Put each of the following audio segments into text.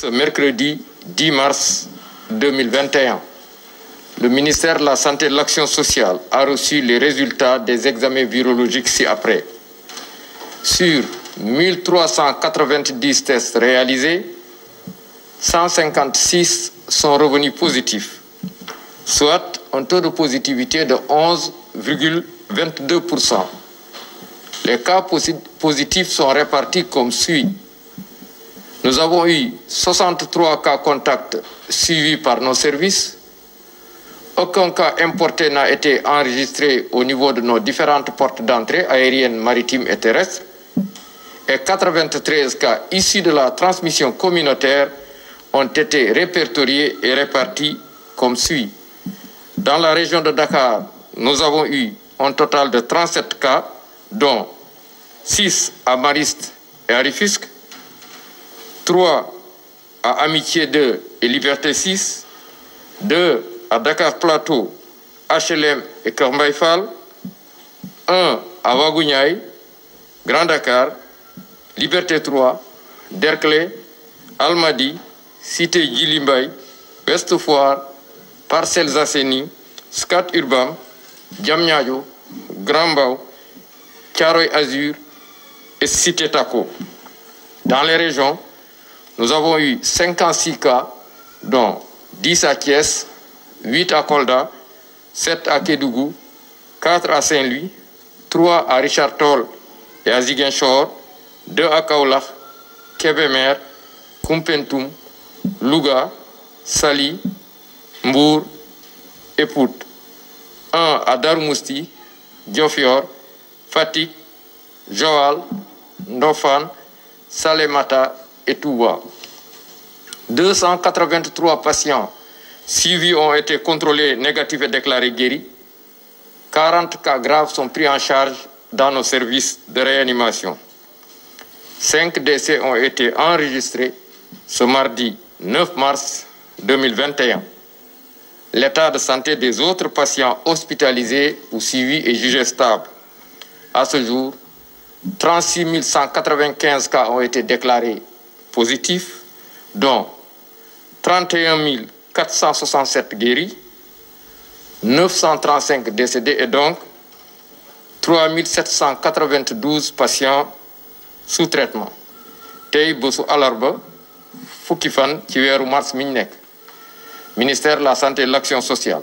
Ce mercredi 10 mars 2021, le ministère de la Santé de l'Action sociale a reçu les résultats des examens virologiques ci-après. Sur 1390 tests réalisés, 156 sont revenus positifs, soit un taux de positivité de 11,22%. Les cas positifs sont répartis comme suit. Nous avons eu 63 cas contacts suivis par nos services. Aucun cas n'a été enregistré au niveau de nos différentes portes d'entrée aériennes, maritimes et terrestres. Et 93 cas issus de la transmission communautaire ont été répertoriés et répartis comme suit. Dans la région de Dakar, nous avons eu de 37 cas, dont 6 à à Rifusque, 3 à Amitié 2 et Liberté 6, 2 à Dakar Plateau, HLM et Kermbaïfal, à Wagouniaï, Grand Dakar, Liberté 3, Derklé, Almadi, Cité Djilimbay, West Foire, Parcelles Asseni, Scat Urbain, Djamnyadjo, Grand Bao, Azur et Cité Taco. Dans les régions, Nous avons eu 56 cas, dont à Thiès, 8 à Kolda, 7 à Kédougou, 4 à Saint-Louis, 3 à Richard Toll et à Ziguinchor, à Kaulach, Kebemer, Kumpentum, Louga, Sali, Mbour et à Darmousti, Diofior, Fatik, Joal, Ndofan, Salemata et Touba. 283 patients suivis ont été contrôlés négatifs et déclarés guéris. 40 cas graves sont pris en charge dans nos services de réanimation. 5 décès ont été enregistrés ce mardi 9 mars 2021. L'état de santé des autres patients hospitalisés ou suivis est jugé stable. À ce jour, 36 195 cas ont été déclarés positifs, dont 31 467 guéris, 935 décédés et donc 3 792 patients sous traitement tey bésu alarba fukki fan ci weeru mars mi nekk ministère de la santé de l'action sociale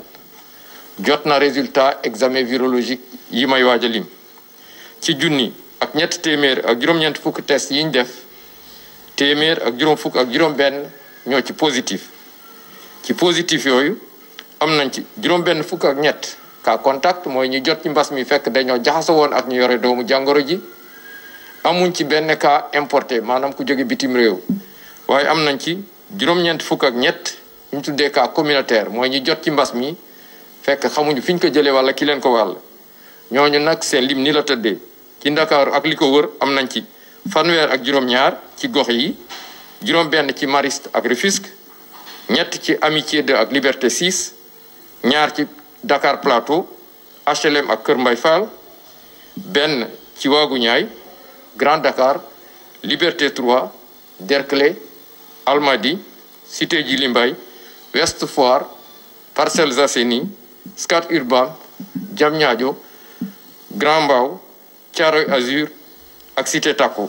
jot na résultat examen virologique yi may waaj a lim ci junni ak ñett téeméer ak juróom-ñeent fukki test yi ñu def téeméer ak juróom fukk ak juróom benn ñoo ci positif ci positif yooyu am nañ ci juróom benn fukk ak ñett ka contact mooy ñi jot ci mbas mi fekk dañoo jaxasoo woon ak ñu yore doomu jàngoro ji amuñ ci benn ka importé maanaam ku jóge bitim réew waaye am nañ ci juróom-ñeent fukk ak ñett ñu tuddee ka communautaire mooy ñi jot ci mbas mi fekk xamuñu fi ñu ko jëlee walla ki leen ko wàll ñooñu nag seen lim ni la tëddee ci Ndakaaru ak li ko wër am nañ ci fanweer ak juróom-ñaar ci gox yi juróom-benn ci Mariste ak Rufisque ñett ci Amitié 2 ak Liberté 6 ñaar ci Dakar Plateau HLM ak Kër Mbay Fall benn ci Waagu Ñaay Grand Dakar Liberté 3 Derklé Almadi Cité Djily Mbaye Ouest Foire Parcelles Assainies Scat Urbam Diamniadio Grand Mbao Thiaroye Azur ak cité takku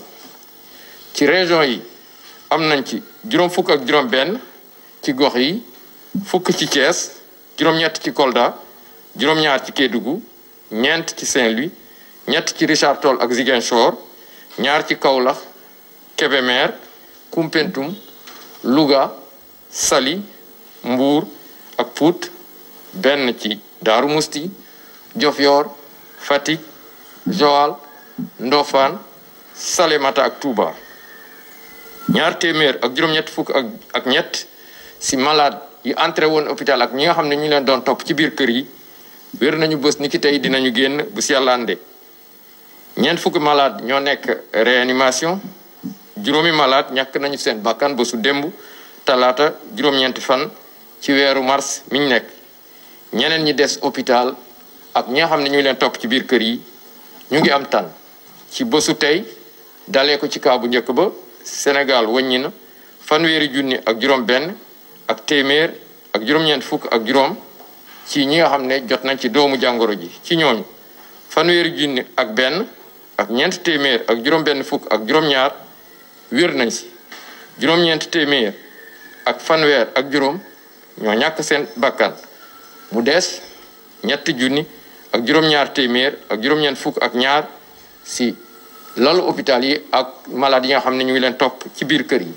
ci région yi am nañ ci juróom fukk ak juróom benn ci gox yi fukk ci Thiès juróom-ñett ci Kolda juróom-ñaar ci Kédougou ñeent ci Saint-Louis ñett ci Richard Toll ak Ziguinchor ñaar ci Kaolack Kébémer Koumpentoum Louga sali mbuur ak Pout benn ci Daaru Musti Diofior Fatick Joal Ndofane Salémata ak Touba ñaar téeméer ak juróom-ñett fukk ak ñett si malade yu entré woon hôpital ak ñi nga xam ne ñu leen doon topp ci biir kër yi wér nañu bës ni ki tey dinañu génn bu si yàlla àndee ñeent fukki malade ñoo nekk réanimation juróomi malade ñàkk nañu seen bakkan bésu démb talaata juróom-ñeenti fan ci weeru mars mi ñu nekk ñeneen ñi des hôpital ak ñi nga xam ne ñu leen topp ci biir kër yi ñu ngi am tan ci bésu tey dalee ko ci kaa bu njëkk ba Sénégal wàññi na fanweeri junni ak juróom-benn ak téeméer ak juróom-ñeent fukk ak juróom ci ñi nga xam ne jot nañ ci doomu jàngoro ji ci ñooñu fanweeri junni ak benn ak ñeent téeméer ak juróom-benn fukk ak juróom-ñaar wér nañ si juróom-ñeent téeméer ak fanweer ak juróom ñoo ñàkk seen bakkan mu des ñetti junni ak juróom-ñaar téeméer ak juróom-ñeent fukk ak ñaar si lalu hôpital yi ak malade yi xam ne ñu ngi leen topp ci biir kër yi